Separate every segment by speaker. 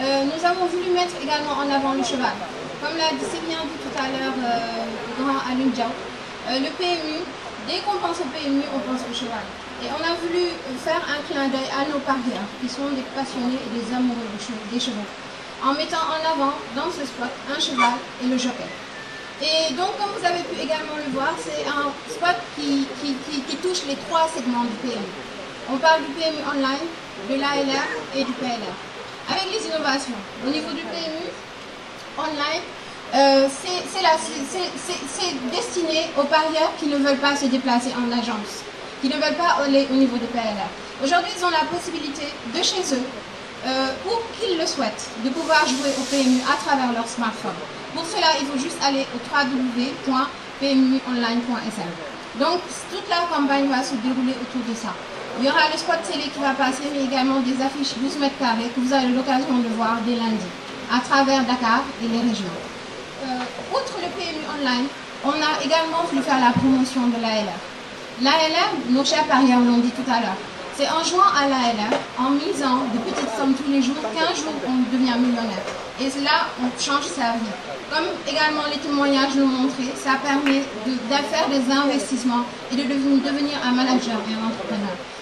Speaker 1: Euh, nous avons voulu mettre également en avant le cheval. Comme l'a si bien dit tout à l'heure euh, grand Alun Diao, euh, le PMU, dès qu'on pense au PMU, on pense au cheval. Et on a voulu faire un clin d'œil à nos parieurs, qui sont des passionnés et des amoureux des chevaux, en mettant en avant dans ce spot un cheval et le jockey. Et donc, comme vous avez pu également le voir, c'est un spot qui, touche les trois segments du PMU. On parle du PMU online, de l'ALR et du PLR. avec les innovations au niveau du PMU, online, euh, c'est destiné aux parieurs qui ne veulent pas se déplacer en agence, qui ne veulent pas aller au niveau de PLA. Aujourd'hui, ils ont la possibilité de chez eux, euh, qu'ils le souhaitent, de pouvoir jouer au PMU à travers leur smartphone. Pour cela, il faut juste aller au www.pmuonline.sl. Donc, toute la campagne va se dérouler autour de ça. Il y aura le spot télé qui va passer, mais également des affiches 12 mètres carrés que vous aurez l'occasion de voir dès lundi, à travers Dakar et les régions. Euh, outre le PMU online, on a également voulu faire la promotion de l'ALR. L'ALR, nos chers parieurs l'ont dit tout à l'heure, c'est en jouant à l'ALR, en misant de petites sommes tous les jours, qu'un jour on devient millionnaire. Et là, on change sa vie. Comme également les témoignages nous montraient, ça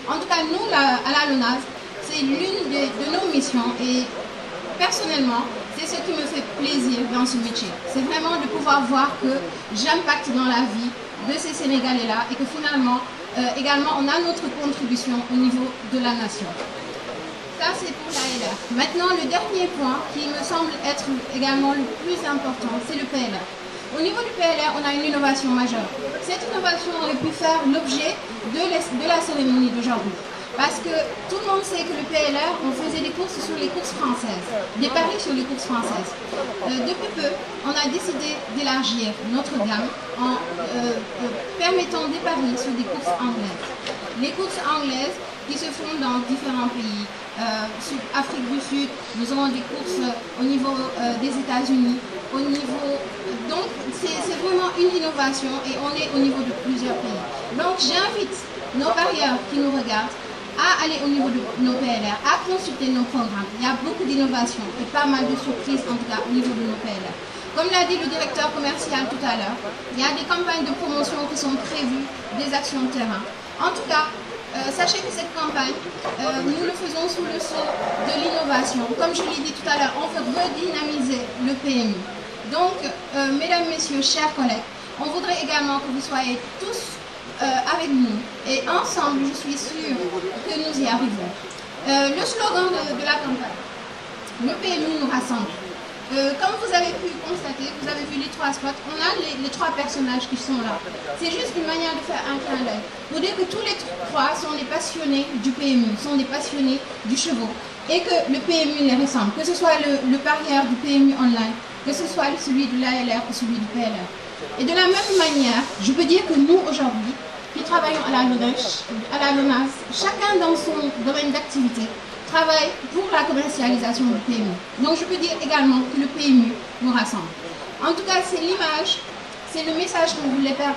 Speaker 1: En tout cas, nous, là, à la LONAS, c'est l'une de, de, nos missions et personnellement, c'est ce qui me fait plaisir dans ce métier. C'est vraiment de pouvoir voir que j'impacte dans la vie de ces Sénégalais-là et que finalement, euh, également, a notre contribution au niveau de la nation. c'est pour la LR. Maintenant, le dernier point qui me semble être le plus important, c'est le PLR. Au niveau du PLR, on a une innovation majeure. Cette innovation aurait pu faire l'objet de, la cérémonie d'aujourd'hui. Parce que tout le monde sait que le PLR, on faisait des courses sur les françaises, des sur les courses françaises. Euh, depuis peu, on a décidé d'élargir notre gamme en euh, euh, permettant des sur des courses anglaises. qui se font dans différents pays, euh, Afrique du Sud, nous avons des courses au niveau des États-Unis, au niveau... Donc, c'est vraiment une innovation et on est au niveau de plusieurs pays. Donc, j'invite nos parieurs qui nous regardent à aller au niveau de nos PLR, à consulter nos programmes. Il y a beaucoup d'innovations et pas mal de surprises, en tout cas, au niveau de nos PLR. Comme l'a dit le directeur commercial tout à l'heure, il y a des campagnes de promotion qui sont prévues, des actions de terrain. En tout cas, euh, sachez que cette campagne, euh, nous le faisons sous Donc, euh, mesdames, messieurs, chers collègues, on voudrait également que vous soyez tous euh, avec nous. Et ensemble, je suis sûre que nous y arrivons. Euh, le slogan de, de le pays nous, nous rassemble. Euh, comme vous avez pu constater, vous avez vu les trois a personnages qui sont là. C'est juste une manière de faire un clin d'œil. Vous dire que tous les trois sont des passionnés du PMU, sont des passionnés du chevaux. Et que le PMU les ressemble, que ce soit le, le que ce soit celui de l'ALR ou celui du PLR. Et de la même manière, je peux dire que nous, aujourd'hui, qui travaillons à la LONAS, chacun dans son domaine d'activité, travaille pour la commercialisation du PMU. Donc je peux dire également que le PMU nous rassemble. En tout cas, c'est l'image, c'est le message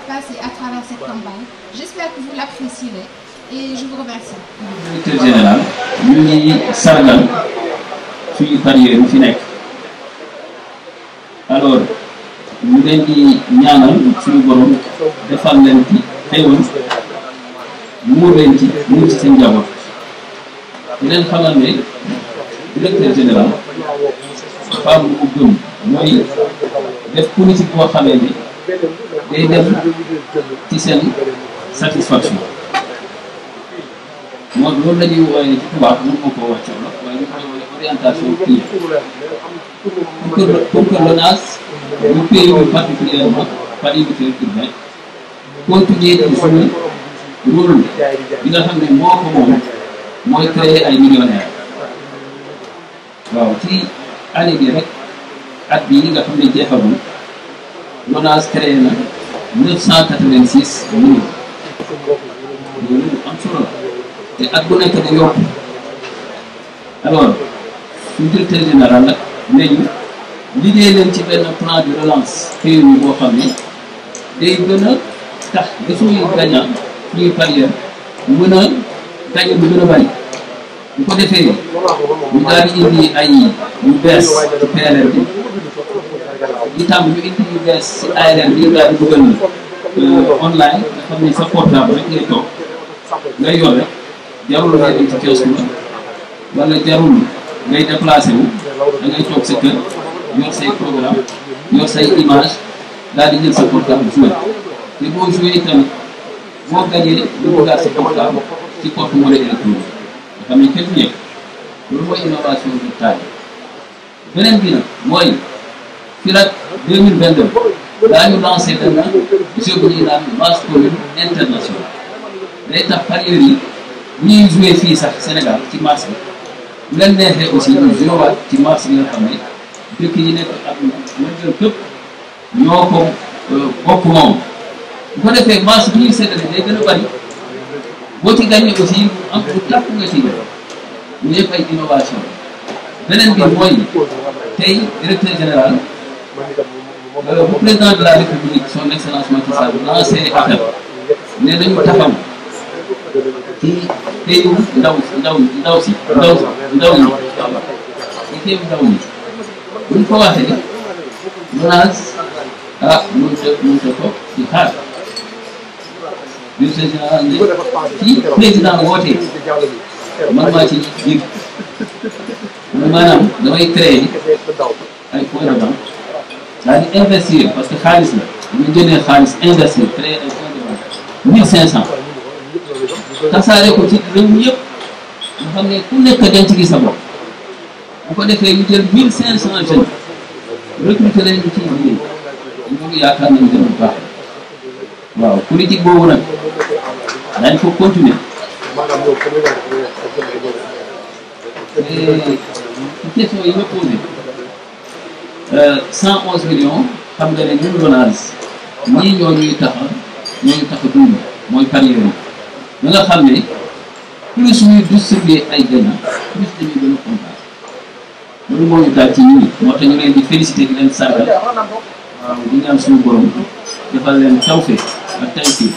Speaker 1: passer à travers cette campagne. J'espère que vous l'apprécierez et je vous remercie.
Speaker 2: Directeur général, ñu ngi sargal suñu parier bu fi nekk. alors ñu leen di ñaanal suñu borom defal leen ci xéewal muur leen ci muur ci seen njaboot di leen xamal ne directeur général femme bu gëm mooy def politique boo xamee ne day dem ci seen satisfaction moom loolu la ñuy wooyee ci tubaab mën nga koo wàccoo la waaye ñu koy wooyee orientation client L'ordonnance du pays où particulièrement par yi bi
Speaker 1: continuer di suñu
Speaker 2: rôle bi nga xam ne moo ko moom mooy créer ay millionnaires waaw ci année bi rek at bii nga xam ne jeexagul LONASE créé na 986 millions loolu am solo te at bu nekk da yokk alors suñu directeur général nag ne ñu leen ci benn plan de relance réew mi boo xam ne day gën a tax dafay gaña ñuy parieur mën a gaña bu gën a bari bu ko defee ñu daal di indi ay yu bees ci PLR bi itam ñu indi yu bees ci ARR bi daal di dugal euh, online nga xam ne sa portable rek ngay toog ngay yore jarul jarul ngay déplacé wu da ngay toog sa kër yor say programme yor say image daal di jël sa portable joué te boo joué tamit boo gagné lu ko sa portable ci porte monnaie électronique nga xam ne kenn ñëpp mooy innovation bi taal beneen bi nag mooy fii nag 2022 daañu lancé benn jeu bu ñuy naan marché commune internationale day tax parieurs bu ñuy joué fii sax Sénégal ci marché bi. bu leen neexee aussi ñu jëwaat ci marché yi nga xam ne dëkk yi nekk ak wàllu képp ñoo ko euh, bokk moom bu ko defee marché bu ñuy seetale day gën a bari boo ci gagné aussi am bu tàpp nga ci ñu yëpp ay innovation beneen bi mooy tey directeur général euh, bu président de la république son excellence Macky Sall lancé appel ne nañu taxaw. téye ndaw ndaw ndaw si ndaw ndaw mi téye ndaw mi buñ ko waxee menace ah mënut a mënut a ko ci xaar directeur général ne ci man maa ci jiitu maanaam damay créer ay point de vente di investir parce xaalis la ñu jëndee xaalis investir créer ay point de vente 1500. tasaare ko ci réew mi yëpp nga xam ne ku nekk denc gi sa bu ko defee ñu jël mille cinq cent jeunes recruter leen ci biir ñooñu yaakaar nañu dem bu baax waaw politique boobu nag dañ ko continuer. question yi nga posé euh, cent onze millions xam nga ne ñun LONASE ñii ñoo ñuy tax ñoo tax a dund mooy panier ba nga xam ne plus ñuy distribuer ay ganaar plus dañuy gën a kontaan loolu moo ñu daal ci ñun moo tax ñu leen di féliciter di leen sargal waaw di ñaan suñu borom defal leen tawfeex ak taysiir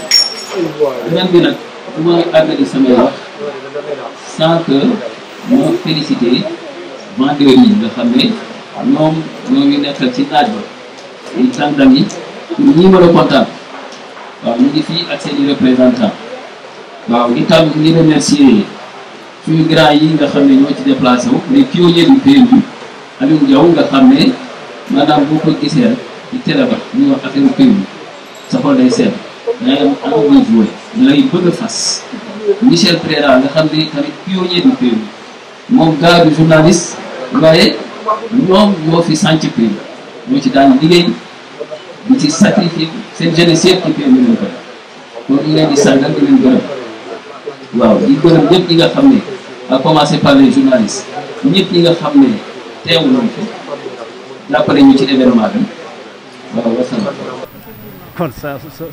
Speaker 2: ren bi nag du ma àggali samay wax sans que ma féliciter yi nga xam ne ñoom ñoo ñu nekkal ci naaj ba di tàndam ñii mën a kontaan waaw ñu ngi fii ak seen i représentants. waaw di tam di remercier suñu grand yi nga xam ne ñoo ci déplacé wu les pionniers du pays bi Aliou Diaw nga xam ne maanaam boo ko gisee ci télé ba ñu wax affaire pays bi sa xol day seet da ngay am amoo a fas Michel Préra nga xam ne tamit pionnier du pays bi moom gars du journaliste waaye ñoom ñoo fi sànc pays ñoo ci daan liggéey di ci sacrifier seen jeunesse yëpp ci pays kon ñu leen di sàngal di leen gërëm. waaw di gërëm ñëpp ñi nga xam ne à commencer par les journalistes ñi nga xam ne ñu ci événement bi
Speaker 3: waaw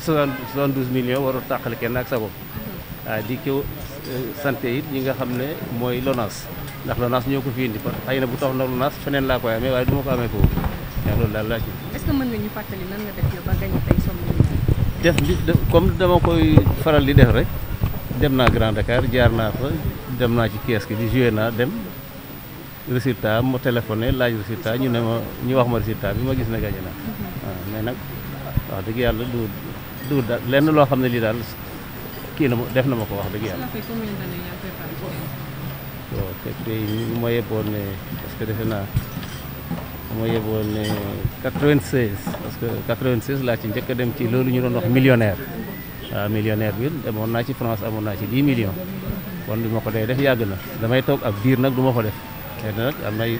Speaker 3: soixante douze millions warul tàqale kenn ak sa bopp ah, di ko eh, sant it ñi nga xam ne mooy LONASE ndax LONASE ñoo ko fi indi parce que xëy na bu tax na LONASE feneen laa koy amee waaye du ko amee foofu loolu daal laa ci. est-ce que mën nga ñu fàttali nan nga def yow ba gañ tey somme def comme dama koy faral di def rek. dem naa grande Dakar jaar naa fa dem naa ci kiosque bi joué naa dem résultat ma téléphoné laaj résultat ñu ne ma ñu wax ma résultat bi ma gis ne gagné naa mhm. waaw mais nag wax dëgg yàlla du du daal lenn loo xam ne lii daal kii na ma def na ma ko wax dëgg yàlla. waaw ma yeboon ne parce que defe naa ma yeboon ne 96 parce que 96 laa ci njëkk dem ci loolu ñu doon wax millionnaire. Euh, millionaire bi amoon naa ci France amoon naa ci 10 millions kon ma ko dee yàgg na damay toog ab diir nag du ko def xëy na nag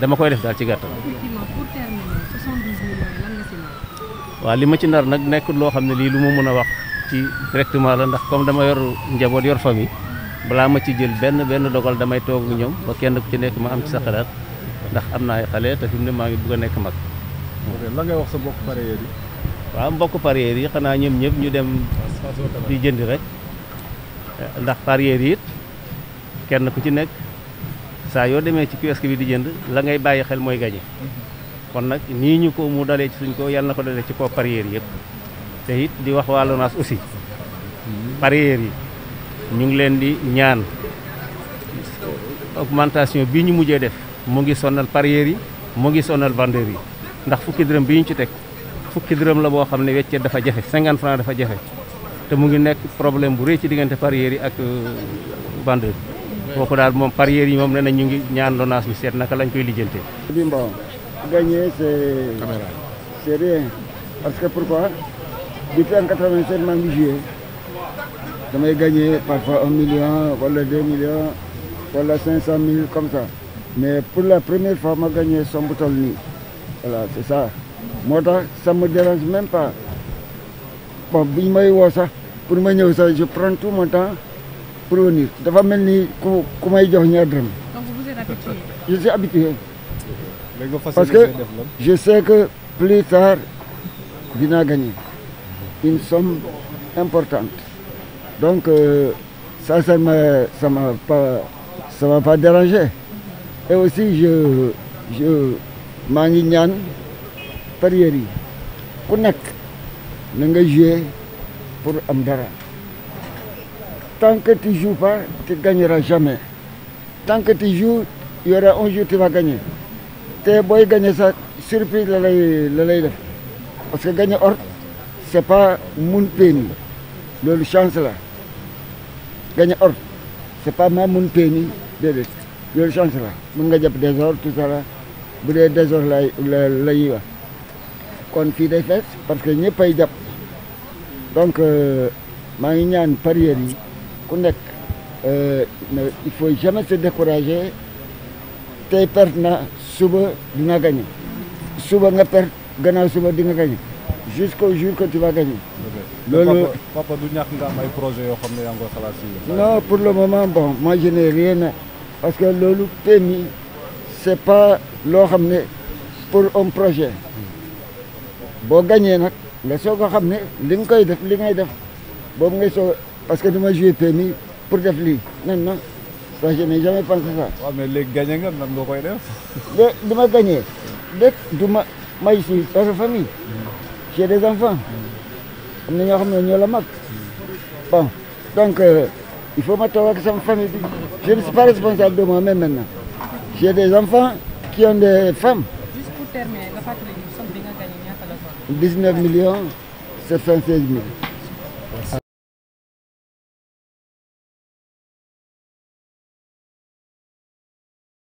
Speaker 3: dama koy def daal ci gàttal.
Speaker 1: effectivement
Speaker 3: li ma ci nar nag nekkul loo xam ne lii lu ma mën a wax ci directement la ndax comme dama yor njaboot yor famille balaa ma ci jël benn benn dogal damay toog ñoom ba kenn ku ci nekk ma am ci sa xalaat ndax am naa ay xale te fi mu ne maa ngi bëgg a nekk mag. la ngay wax sa bokk pare yi waaw mbokk parieurs yi xanaa ñoom ñëpp ñu dem di jënd rek ndax parieurs yi kenn ku ci nekk saa yoo demee ci kiosque bi di jënd la ngay bàyyi xel mooy gañe kon nag nii ñu ko mu dalee ci suñ ko yàlla na ko dalee ci ko parieurs yëpp te it di wax waa LONASE aussi parieurs yi ñu ngi leen di ñaan augmentation bii ñu mujjee def mu ngi sonal parieurs yi mu ngi sonal vendeurs yi ndax fukki dërëm bii ñu ci teg fukki dërëm la boo xam ne weccet dafa jafe 50 francs dafa jafe te mu ngi nekk problème bu rëy ci diggante parieurs yi ak euh, vendeur kooku daal moom parieurs yi moom nee na ñu ngi ñaan Lonase bi seet naka lañ koy lijjantee.
Speaker 4: bi bon gagner c'est c'est rien parce que pourquoi depuis en 87 maa ngi joué damay gagner parfois un million wala deux millions wala cinq cent mille comme ça mais pour la première fois ma gagné somme bu toll nii voilà c'est ça. moo tax sama me dérange même pas bon buñ may woo sax pour may ñëw sax je prends tout mon temps pour dafa mel ni ku ku may jox ñaar dërëm.
Speaker 2: donc vous êtes
Speaker 4: habitué. je suis parce que je sais que plus tard dinaa gagner une somme importante donc euh, ça ça m'a pa m'a et aussi je maa ngi ñaan. parieurs yi ku nekk na nga jouer pour am dara tant que tu joues pas tu gagneras jamais tant que tu joues y aura un jour te booy gagner sax surprise la lay la lay def parce que gagner or c'est pas mun peeni loolu chance la gagner or c'est pas ma mun peeni déedéet loolu chance la nga jàpp des or tout ça la bu dee des or lay lay wax kon fii day fees parce que ñëpp ay jàpp donc euh, maa ngi ñaan parieurs yi ku nekk euh, il faut jamais se décourager tey perte na suba dina gagné suba nga perte gannaaw suba di nga gagné jusqu'au jour que tu vas gagner
Speaker 3: loolu papa du ñàkk nga am ay projet yoo xam ne yaa ngi koy xalaat
Speaker 4: si non pour le moment bon moi je na parce que loolu PMI c'est pas loo xam ne pour un projet boo gañee nag nga soog a xam ne li nga koy def li ngay def boobu ngay soog parce que duma joué permis pour def lii nan na ça je n'ai jamais pensé ça. waaw mais léegi gagné nga nan nga koy def. mais du ma gagné lépp ma may si parce famille. j'ai des enfants. am na xam ne ñoo la mag. bon donc euh, il faut ma toog ak sama famille bi je ne suis pas responsable de moi-même maintenant j'ai des enfants ki ont des 19 millions 76 mille.